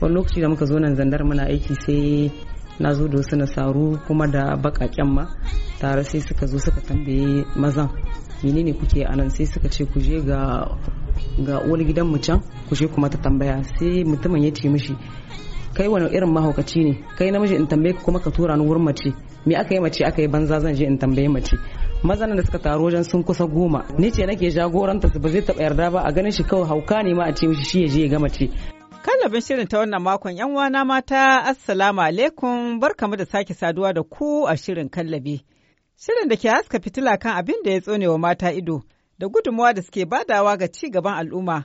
wani lokaci da muka zo nan zandar muna aiki sai na zo da wasu nasaru kuma da bakaken ma tare sai suka zo suka tambaye mazan menene kuke anan sai suka ce ku je ga ga uwar gidan mu can ku je kuma ta tambaya sai mutumin ya ce mishi kai wani irin mahaukaci ne kai namiji in tambaye ka kuma ka tura ni wurin mace me aka yi mace aka yi banza zan je in tambaye mace mazanan da suka taro wajen sun kusa goma ni ce nake jagoranta su ba zai taba yarda ba a ganin shi kawai hauka ne ma a ce mishi shi ya je ya ga mace kallabin shirin ta wannan makon yan wana mata assalamu alaikum barkamu da sake saduwa da ku a shirin kallabi shirin da ke haska fitila kan abin da ya tsone wa mata ido da gudummawa da suke badawa ga ci gaban al'umma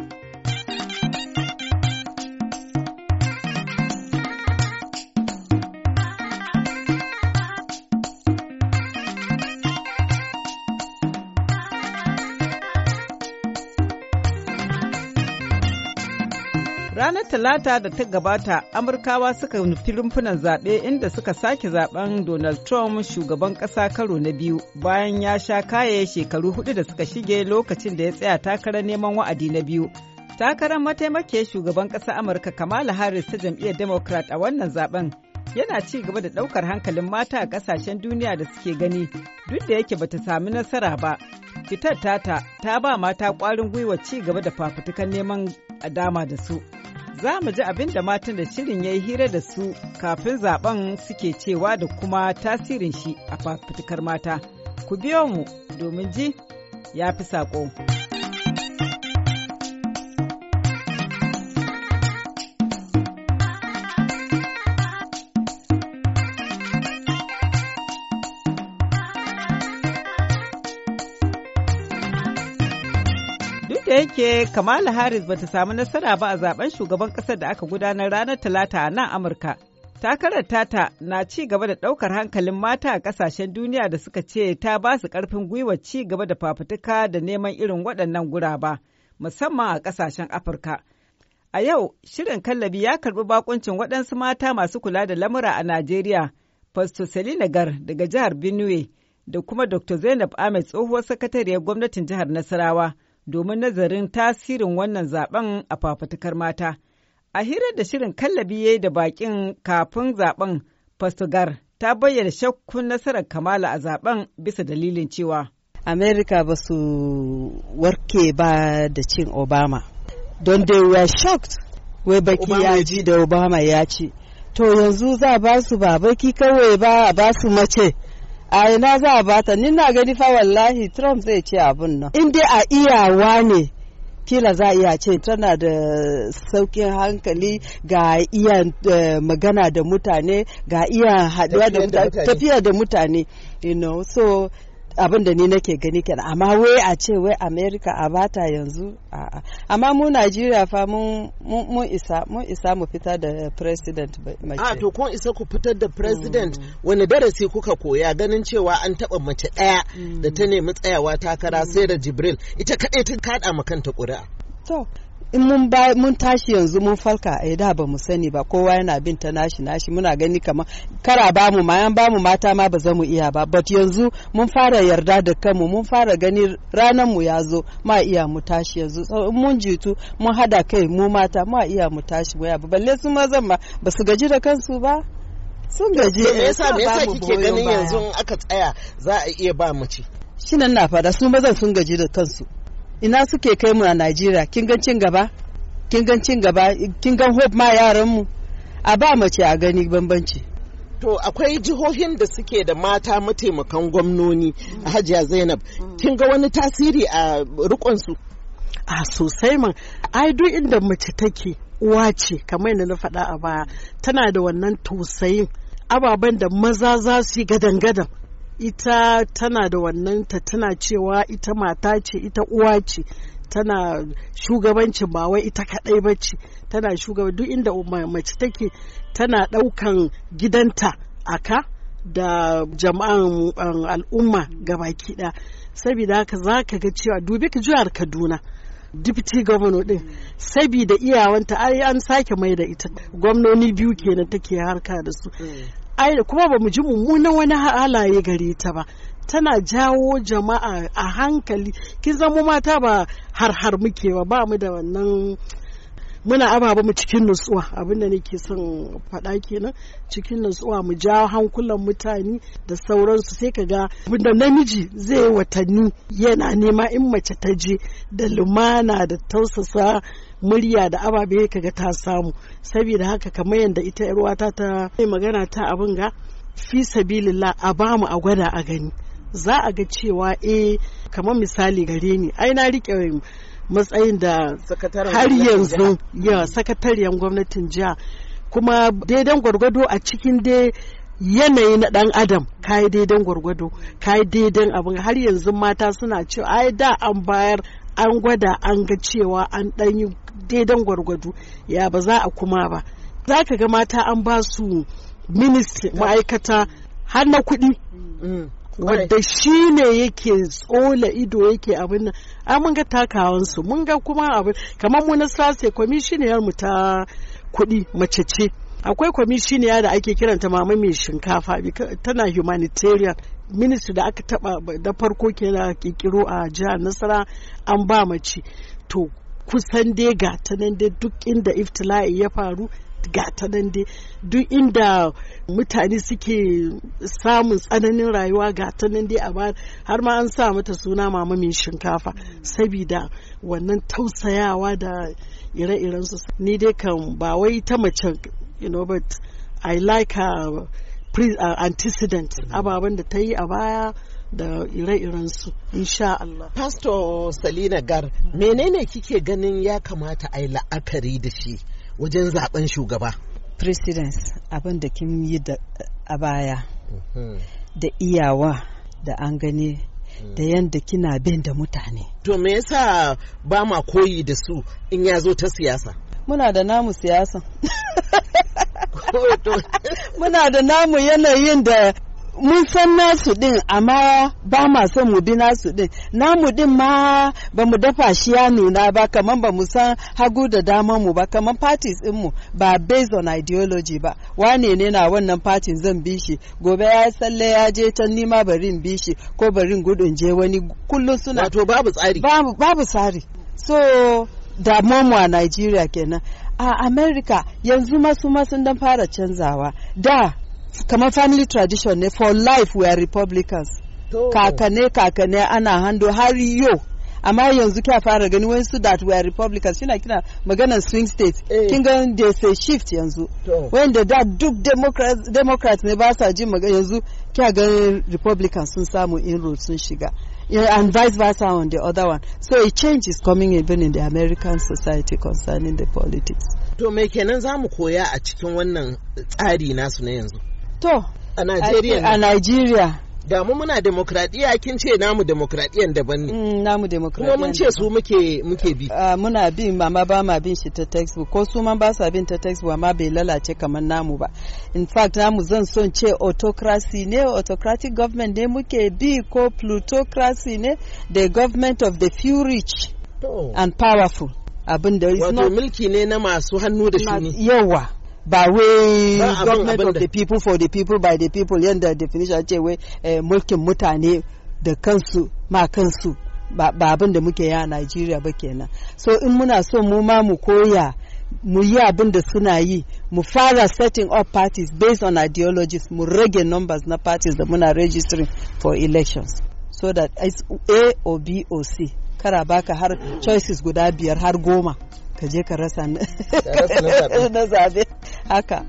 ranar talata da ta gabata amurkawa suka nufi rumfunan zaɓe inda suka sake zaben donald trump shugaban ƙasa karo na biyu bayan ya sha kaye shekaru hudu da suka shige lokacin da ya tsaya takarar neman wa'adi na biyu takarar mataimakiyar shugaban ƙasa amurka kamala harris ta jam'iyyar democrat a wannan zaben yana ci gaba da ɗaukar hankalin mata a ƙasashen duniya da suke gani duk da yake bata sami nasara ba fitar tata ta ba mata ƙwarin gwiwa ci gaba da fafutukan neman a dama da su Za mu ji abin da matan da shirin ya yi hira da su kafin zaben suke cewa da kuma tasirin shi a fafutukar mata. Ku biyo mu domin ji ya fi saƙo. da yake Kamala Harris bata samu nasara ba a zaben shugaban kasar da aka gudanar ranar Talata a nan Amurka. Takarar tata na ci gaba da ɗaukar hankalin mata a ƙasashen duniya da suka ce ta ba su ƙarfin gwiwa ci gaba da fafutuka da neman irin waɗannan guraba, musamman a ƙasashen Afirka. A yau, shirin kallabi ya karɓi bakuncin waɗansu mata masu kula da lamura a Najeriya, Pastor Selina Gar daga jihar Benue da kuma Dr. Zainab Ahmed tsohuwar sakatariyar gwamnatin jihar Nasarawa. domin nazarin tasirin wannan zaben a fafutukar mata. A hirar da shirin kallabi ya da bakin kafin zaben Fastugar ta bayyana shakkun nasarar Kamala a zaben bisa dalilin cewa. Amerika ba su warke ba da cin Obama. Don they were shocked wai baki ya ji da Obama ya ci. To yanzu za ba su ba baki kawai ba a ba su mace. a ina za a bata ni na gani fa wallahi Trump zai ce abun nan in dai a iyawa ne kila za a iya ce tana da saukin hankali ga iya eh, magana da mutane ga iya haduwa da mutane tafiya da mutane you know so abin da ni nake gani kenan amma wai a ce wai america a bata yanzu amma mu najeriya fa mun isa mun isa mu fitar da president mace a ah, to kun isa ku fitar da president mm. wani darasi kuka koya ganin cewa an taba mace daya da mm. ta nemi tsayawa takara mm. sai da jibril ita kadai ta kada ma kanta ƙuri'a to in mun ba mun tashi yanzu mun falka ai eh, da ba mu sani ba kowa yana bin ta nashi nashi muna gani kamar kara ba mu ma yan ba mu mata ma ba za mu iya ba but yanzu mun fara yarda da kanmu mun fara gani ranar mu ya zo ma iya mu tashi yanzu in mun jitu mun hada kai mu mata ma iya mu tashi mu ya ba balle su zan ma ba su gaji da kansu ba sun gaji me eh, yasa me yasa kike ganin yanzu aka tsaya za a iya ba mace nan na fada su mazan sun gaji da kansu ina suke kai mu a najeriya kin gan cin gaba kin gan cin gaba kin gan hope ma yaran mu a ba mace a gani bambanci to akwai jihohin da suke da mata mataimakan gwamnoni a hajiya zainab mm. kin ga wani tasiri a su a sosai man ai duk inda mace take uwa ce kamar yadda na faɗa a baya tana da wannan tausayin ababen da maza za su yi gadan-gadan ita tana da wannan ta tana cewa ita mata ce ita uwa ce tana shugabanci ba wai ita kadai ba ce tana shugaban duk inda mace take tana ɗaukan gidanta a ka da jama'an um, al'umma baki ɗaya saboda haka za ka ga cewa dubi ka jihar kaduna deputy governor din sabida iyawanta ai an sake mai da ita gwamnoni biyu kenan take harka da su mm. ai kuma ba mu ji mummunan wani halaye gare ta ba tana jawo jama'a a hankali kin zama mata ba har har muke ba ba mu da wannan muna ababa mu cikin nutsuwa abin da nake son faɗa kenan cikin nutsuwa mu ja hankulan mutane da sauransu sai ka ga da namiji zai watanni yana nema in mace ta je da lumana da tausasa murya da ababe ga ta samu saboda haka kamar yadda ita yarwata ta magana ta abin ga fi sabilillah a bamu a gwada a gani za a ga cewa eh kamar misali gare ni ai na rike matsayin da har yanzu ya sakatariyar gwamnatin jiha kuma daidan gwargwado a cikin dai yanayi na dan adam kayi daidan gwargwado kayi daidan abin har yanzu mata suna cewa ai da an bayar an gwada an ga cewa an yi daidan gwargwado ya ba za a kuma ba za ka ga mata an ba su ministry ma'aikata har na kuɗi mm. wadda shi ne yake tsola ido yake abin nan a mun ga takawansu mun ga kuma abin kamar mu na sase kwamishiniyar mu ta kuɗi mace ce akwai kwamishiniya da ake kiranta mama mai shinkafa tana humanitarian ministry da aka taba da farko kenan kikiro a jihar nasara an ba mace to kusan dai ga ta nan dai duk inda iftila'i ya faru gata nan dai duk inda mutane suke samun tsananin rayuwa gata nan dai a har ma an sa mata suna mama mai shinkafa sabida wannan tausayawa da ire-iren su ni dai kan ba wai ta mace you know but i like her uh, antecedent mm-hmm. ababen da ta yi a baya da ire-irensu insha Allah. Pastor Salina Gar, mm. menene kike ganin ya kamata a yi la'akari da shi wajen zaben shugaba President abin da kin yi a baya mhm. da iyawa da an gani mm. da yadda kina bin da mutane to me yasa ba ma koyi da su in ya zo ta siyasa muna da namu siyasa muna da namu yanayin da mun san nasu din amma ba ma son mu bi nasu din namu din ma ba mu dafa shi ya nuna ba kamar ba mu san hagu da dama mu ba kamar parties din mu ba based on ideology ba wane ne na wannan party zan bi shi gobe ya salle ya je can nima barin bi shi ko barin gudun je wani kullum suna wato babu tsari babu babu tsari so da mu a Nigeria kenan a America yanzu masu masu dan fara canzawa da kamar family tradition ne for life we are republicans kakane kakane ana hando har yau amma yanzu kya fara gani wasu that we are republicans shi na kina maganar swing state eh. kin ga da sai shift yanzu wanda da duk democrats ne ba sa jin magana yanzu kya ga republicans sun samu inroad sun shiga and vice versa on the other one so a change is coming even in the american society concerning the politics to me kenan zamu koya a cikin wannan tsari nasu na yanzu To. A Najeriya. A Najeriya. da mu muna demokradiyya kin ce namu demokradiyyan daban ne mm, namu demokradiyya kuma mun ce su muke muke bi ah, muna bi amma ba ma bin shi ta textbook ko su man ba sa bin ta textbook amma bai lalace kamar namu ba in fact namu zan son ce autocracy ne autocratic government ne muke bi ko plutocracy ne the government of the few rich and powerful abin da wato not... mulki ne na masu hannu da shuni yawa ba wai government of the people for the people by the people yadda definition ce wai eh, mulkin mutane da kansu ma kansu ba abin da muke ya a Najeriya ba kenan so in muna so mu ma mu koya mu yi abin da suna yi mu fara setting up parties based on ideologies mu rage numbers na parties da muna registering for elections so that it's a or b or c kara baka har choices guda biyar har goma ka je ka rasa na zabe haka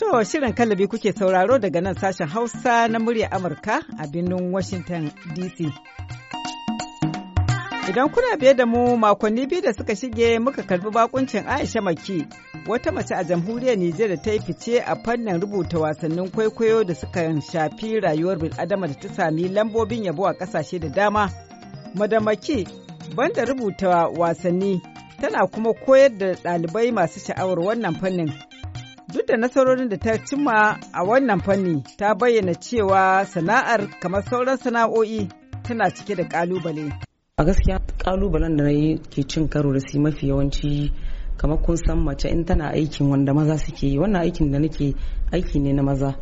To shirin kalabi kuke sauraro daga nan sashen Hausa na murya Amurka a birnin Washington DC. Idan kuna biye da mu makonni biyu da suka shige muka karbi bakuncin Aisha Maki wata mace a jamhuriyar Nijar da ta yi fice a fannin rubuta wasannin kwaikwayo da suka shafi rayuwar bil'adama da ta sami lambobin yabo a kasashe da dama. Madamaki banda rubuta wasanni tana kuma koyar da ɗalibai masu sha'awar wannan fannin. Duk da nasarorin da ta cimma a wannan fanni ta bayyana cewa sana'ar kamar sauran sana'o'i tana cike da ƙalubale. A gaskiya ƙalubalen da na yi ke cin karo da su mafi yawanci kamar kun san mace in tana aikin wanda maza suke yi wannan aikin da nake aiki ne na maza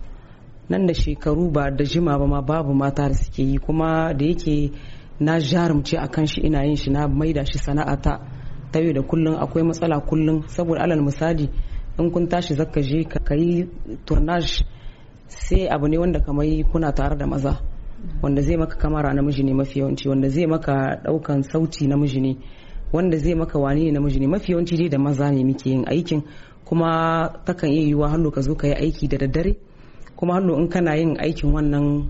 nan da shekaru ba da jima ba ma babu mata da suke yi kuma da yake na jarumce a kan shi ina yin shi na maida shi sana'a ta. ta yau da kullum akwai matsala kullum saboda alal misali in kun tashi zaka je ka yi tournage sai abu ne wanda kamar kuna tare da maza wanda zai maka kamara namiji ne mafi yawanci wanda zai maka daukan sauti namiji ne wanda zai maka wani ne namiji ne mafi yawanci dai da maza ne muke yin aikin kuma takan iya yiwuwa hannu ka zo ka yi aiki da daddare kuma hannu in kana yin aikin wannan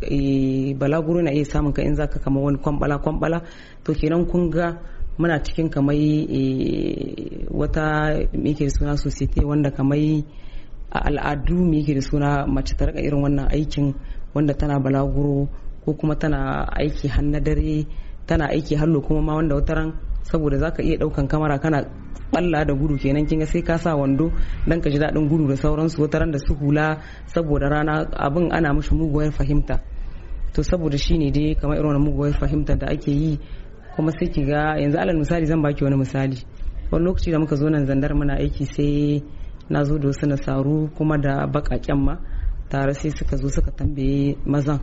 eh, balaguro na iya samun ka in za ka kama wani kwambala kwambala to kenan kun ga muna cikin kamar e, wata yake da suna societe wanda kamar a al'adu me da suna mace ta rika irin wannan aikin wanda tana balaguro ko kuma tana aiki hannu dare tana aiki hannu kuma ma wanda wata ran saboda zaka iya daukan kamara kana balla da gudu kenan kinga sai ka sa wando dan ka ji daɗin gudu da sauransu wata ran da su hula saboda rana abin ana mishi muguwar fahimta to saboda shine dai kamar irin wannan muguwar fahimta da ake yi kuma sai ki ga yanzu alal misali zan baki wani misali wani lokaci da muka zo nan zandar muna aiki sai na zo da wasu nasaru kuma da bakaken ma tare sai suka zo suka tambaye mazan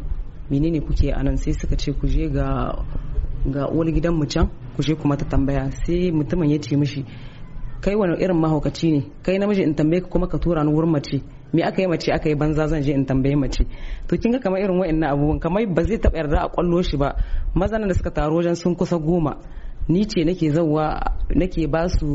menene kuke anan sai suka ce ku je ga ga uwar gidan mu can ku je kuma ta tambaya sai mutumin ya ce mishi kai wani irin mahaukaci ne kai namiji in tambaye ka kuma ka tura ni wurin mace me aka yi mace aka yi banza zan je in tambaye mace to kin ga kamar irin wa'annan abubuwan kamar ba zai taɓa yarda a kwallo shi ba mazan da suka taro wajen sun kusa goma ni ce nake zauwa nake ba su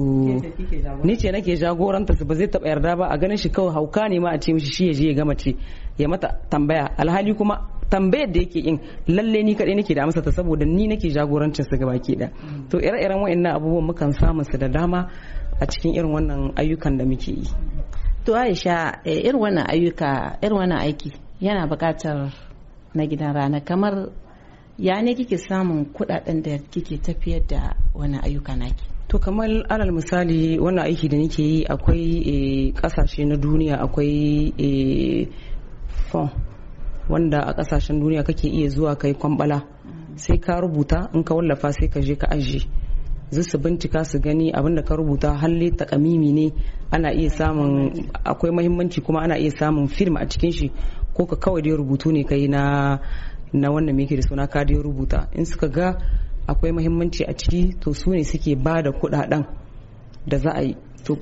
ni ce nake jagoranta su ba zai taba yarda ba a ganin shi kawai hauka ne ma a ce mishi shi ya je ya gama ce ya mata tambaya alhali kuma tambayar da yake in lalle ni kadai nake da amsa ta saboda ni nake jagorancin su gaba ke da to ire-iren wa'annan abubuwan mukan samu su da dama a cikin irin wannan ayyukan da muke yi to aisha eh, irin wannan ayyuka aiki yana bukatar na gidan rana kamar ya ne kike samun kuɗaɗen da kike tafiyar da wannan ayyuka naki to kamar alal misali wannan aiki da nake yi akwai kasashe eh, na duniya akwai eh, fon wanda a kasashen duniya kake iya zuwa kai kwambala mm. sai ka rubuta in ka wallafa sai ka je ka ajiye zai su bincika su gani abin da ka rubuta halle takamimi ne ana iya samun akwai mahimmanci kuma ana iya samun film a cikin shi ko ka kawai dai rubutu ne kai na na wannan me da suna ka dai rubuta in suka ga akwai mahimmanci a ciki to su ne suke ba da kudaden da za a yi to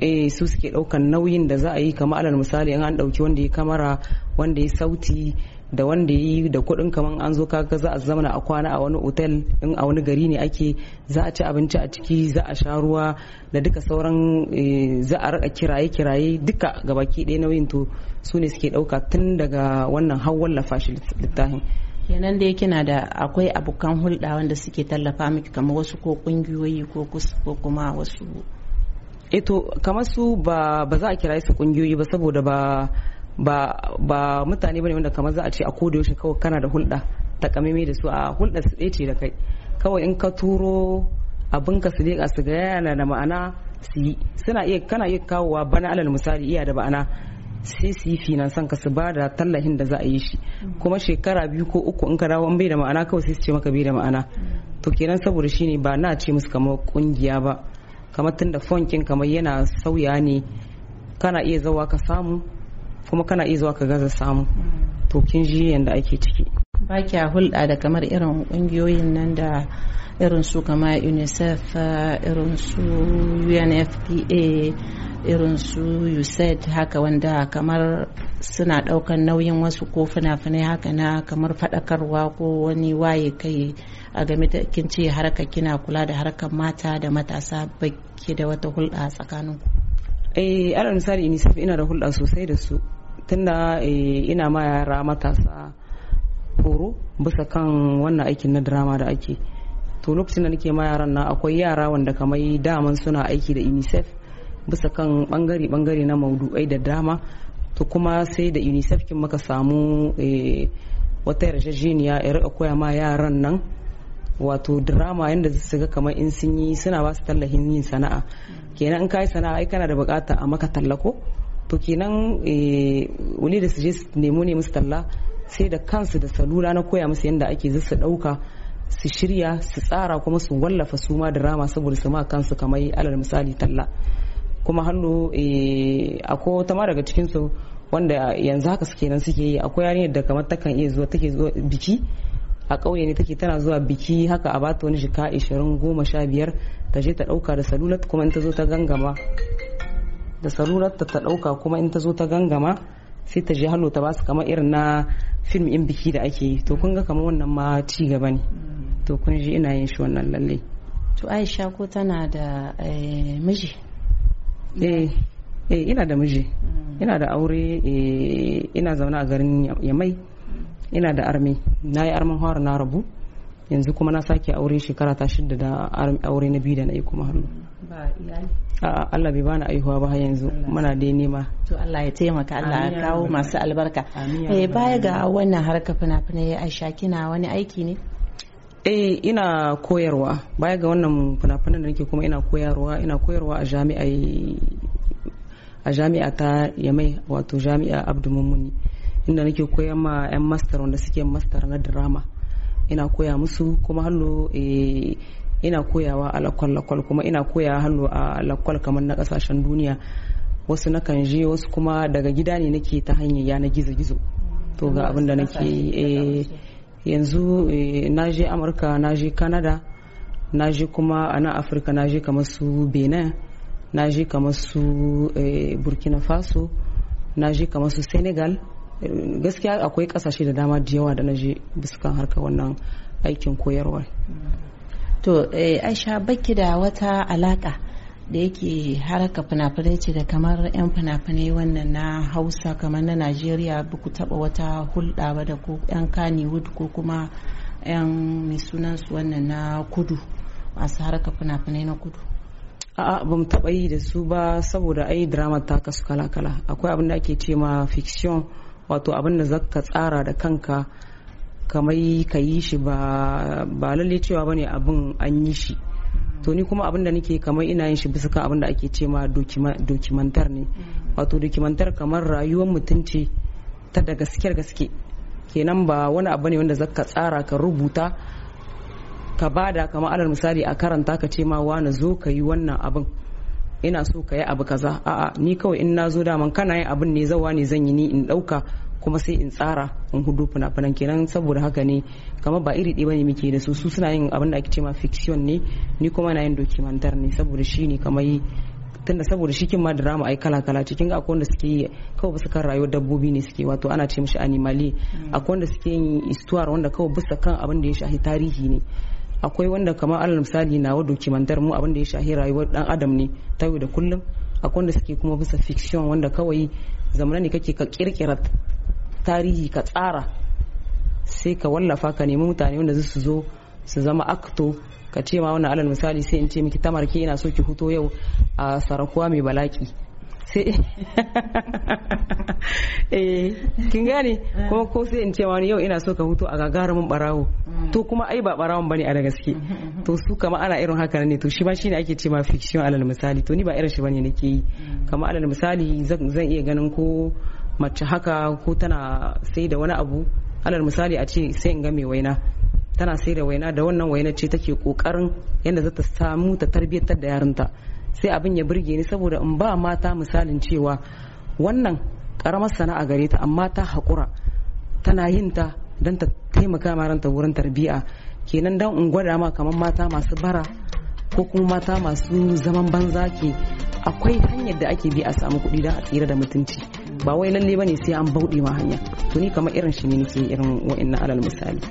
eh su suke daukan nauyin da za a yi kamar alal misali in an ɗauki wanda ya kamara wanda ya sauti da wanda yi da kuɗin kamar an zo kaga za a zamana a kwana a wani otel in a wani gari ne ake za a ci abinci a ciki za a sha ruwa da duka sauran eh, za a raka kiraye kiraye duka gabaki ɗaya nauyin to su ne suke ɗauka tun daga wannan har wallafa shi littafin kenan da yake na da akwai abokan hulɗa wanda suke tallafa miki kamar wasu ko ƙungiyoyi ko kuma wasu eto eh kamar su ba za a kira su ƙungiyoyi ba saboda ba ba mutane bane wanda kamar za a ce a koda yaushe kawai kana da hulɗa kamime da su a hulɗa su ce da kai kawai in ka turo abin ka su leƙa yana da ma'ana su yi suna iya kana iya kawowa bana alal misali iya da ma'ana sai su yi finan son ka su ba da tallahin da za a yi shi kuma shekara biyu ko uku in ka dawo an bai da ma'ana kawai sai su ce maka bai da ma'ana to kenan saboda shi ne ba na ce musu kamar kungiya ba kamar da fonkin kamar yana sauya ne kana iya zawa ka samu kuma kana iya zuwa ka gaza samu to kin ji yanda ake ciki ba kya hulɗa da kamar irin ƙungiyoyin nan da irin su kama unicef eh, irin su unfpa irin su usaid haka wanda kamar suna ɗaukan nauyin wasu ko fina-finai haka na kamar faɗakarwa ko wani waye kai a game da kin ce harka kina kula da harkar mata da matasa baki da wata hulɗa tsakaninku eh alal misali unicef ina da hulɗa sosai da su tunda eh, ina ma yara matasa horo bisa kan wannan aikin na drama da ake to lokacin da nake ma yaran na akwai yara wanda kamar daman suna aiki da unicef bisa kan bangare-bangare na maudu'ai da dama to kuma sai da unicef kin muka samu eh, wata yarjejeniya ya rika koya ma yaran nan wato drama yadda su ga kamar in sun yi suna ba su tallahin yin sana'a kenan in ka yi sana'a ai kana da bukata a maka tallako to kenan eh, wani da su je su nemo ne musu talla sai da kansu da salula na koya musu yadda ake su ɗauka su shirya su tsara kuma su wallafa su ma rama saboda su ma kansu kamar alal misali talla kuma hannu eh, akwai wata ma daga cikinsu wanda yanzu haka suke nan suke yi akwai yarinyar da kamar takan iya zuwa take zuwa biki a ƙauye ne take tana zuwa biki haka a bata wani jika 20 goma sha biyar ta je ta ɗauka da salula kuma in ta zo ta gangama da sarurarta ta dauka kuma in ta zo ta gangama sai ta je hallo ta basu kamar irin na film in biki da ake yi to kun ga kamar wannan ma ci gaba ne to kun ji ina yin shi wannan lalle to Aisha ko tana da eh, miji eh, eh ina da miji mm. ina da aure eh, ina zaune a garin Yamai ina da armi na yi armin hawar na rabu yanzu kuma na sake aure shekara ta shida da aure na biyu da na yi kuma hannu Allah bai bani aihuwa ba har yanzu muna dai nema to Allah ya taimaka Allah ya kawo masu albarka eh baya ga wannan harka fina ya Aisha kina wani aiki ne eh ina koyarwa baya ga wannan fina fina da nake kuma ina koyarwa ina koyarwa a jami'a a jami'a ta Yamai wato jami'a Abdul Mummuni inda nake koyar ma 'yan master wanda suke master na drama ina koya musu kuma hannu eh, ina koyawa a lakwal lakwal kuma ina koyawa hannu a lakwal kamar na kasashen duniya wasu na kan je wasu kuma daga gida ne nake ta hanyar yana gizo gizo to ga abin nake eh, yanzu eh, na je amurka na je canada na je kuma a nan afirka na je kamar su benin na je kamar su burkina faso na je kamar su senegal gaskiya akwai kasashe da dama da yawa da na je biskan harka wannan aikin koyarwa to eh, aisha baki da wata alaka da yake haraka fina-finai ce da kamar 'yan fina-finai wannan na hausa kamar na najeriya ba ku taba wata hulɗa ba da ko 'yan kaniwood ko kuma 'yan mai sunansu wannan na kudu masu haraka fina-finai na kudu a'a ba taɓa yi da su ba saboda ai drama ta kasu kala-kala akwai abin da ake ce ma fiction wato abin da zaka tsara da kanka kamar ka yi shi ba lalle cewa bane abin an yi shi to ni kuma abin da nake kamar ina yin shi bisa kan abin da ake ce ma dokimantar ne wato dokimantar kamar rayuwar mutunci ta da gaskiyar gaske kenan ba wani abu ne wanda zaka tsara ka rubuta ka bada kamar alal misali a karanta ka ce ma wani zo ka yi wannan abin ina so ka yi abu kaza a'a ni kawai in na zo daman kana yin abin ne zawa ne zan yi ni in dauka kuma sai in tsara in hudu fina fina kenan saboda haka ne kamar ba iri ɗaya ne muke da su su suna yin abin da ake cewa fiction ne ni kuma na yin documentar ne saboda shi ne kamar tunda saboda shi kin ma drama ai kala kala cikin ga akwai wanda suke yi kawai bisa kan rayuwar dabbobi ne suke wato ana ce mishi animali mm. akwai wanda suke yin istuwar wanda kawai bisa kan abin da ya shafi tarihi ne akwai wanda kamar alal misali na nawa dokimantar mu abinda ya shahi rayuwar dan adam ne ta yau da kullum akwai wanda suke kuma bisa fiction wanda kawai zamana ne kake ka kirkira tarihi ka tsara sai ka wallafa ka nemi mutane wanda su zo su zama akto ka ce ma wannan alal misali sai in ce miki tamarki ina so ki huto yau a sarakuwa mai balaki eh kin gane mm. kuma ko sai in ce wani yau ina so ka hutu a gagarumin barawo mm. to kuma ai ba barawon bane a da gaske mm-hmm. to su kama ana irin haka ne to shi ma shine ake ce ma fiction alal misali to ni ba irin shi bane nake yi mm. kama alal misali zan iya ganin ko mace haka ko tana sai da wani abu alal misali a ce sai in ga mai waina tana sai da waina da wannan waina ce take kokarin yadda za ta samu ta tarbiyyatar da yarinta sai abin ya burge ni saboda in ba mata misalin cewa wannan karamar sana'a gare ta amma ta haƙura tana yin ta don ta taimaka ma ranta wurin tarbiya kenan don in gwada ma kamar mata masu bara ko kuma mata masu zaman banza ke akwai hanyar da ake bi a samu kuɗi don a tsira da mutunci ba wai lalle ba ne sai an bauɗe ma hanya to ni kamar irin shi ne nake irin wa'annan alal misali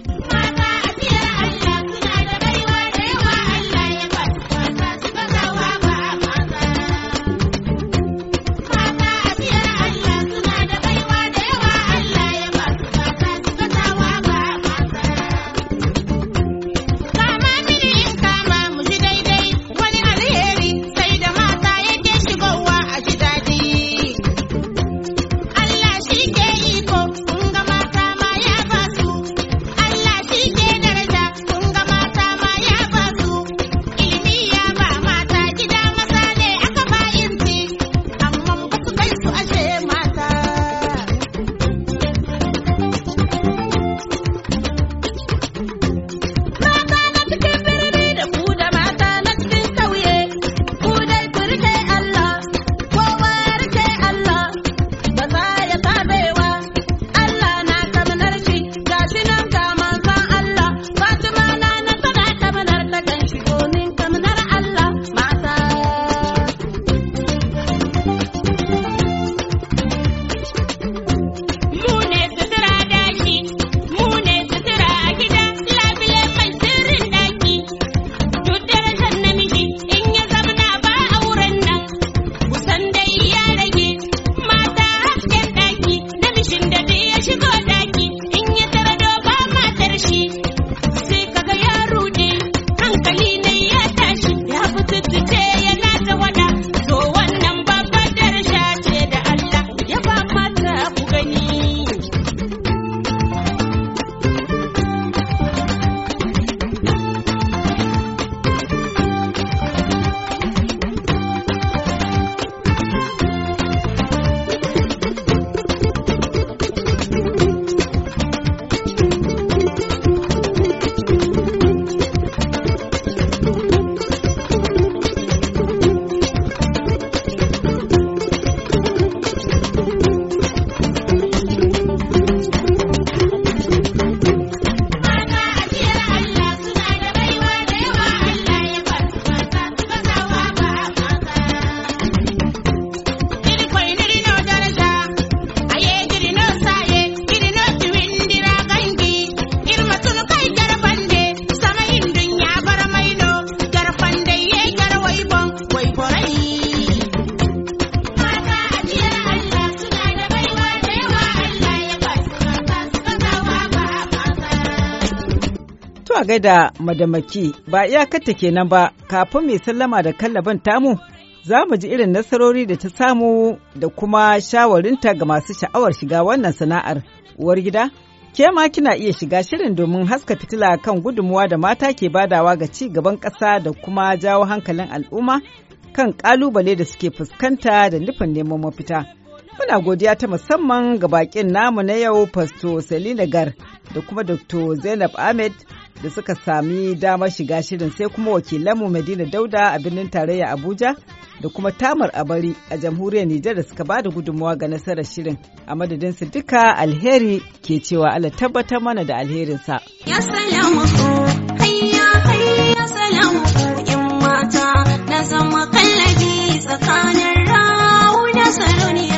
da madamaki ba iyakarta kenan ba kafin mai sallama da kallaban tamu za mu ji irin nasarori da ta samu da kuma shawarinta ga masu sha'awar shiga wannan sana'ar uwar gida ke ma kina iya shiga shirin domin haska fitila kan gudunmuwa da mata ke badawa ga ci gaban ƙasa da kuma jawo hankalin al'umma kan ƙalubale da suke fuskanta da nufin neman mafita. Muna godiya ta musamman ga baƙin namu na yau Fasto Selina Gar da kuma Dr. Zainab Ahmed da suka sami damar shiga shirin sai kuma wakilanmu Madina Dauda a birnin tarayya Abuja da kuma Tamar Abari a jamhuriyar Nijar da suka bada da gudunmawa ga nasarar shirin. A madadin su duka alheri ke cewa Allah tabbatar mana da alherinsa. Ya salamu hayya hayya salamu in mata na zama kallabi tsakanin rawu na saloni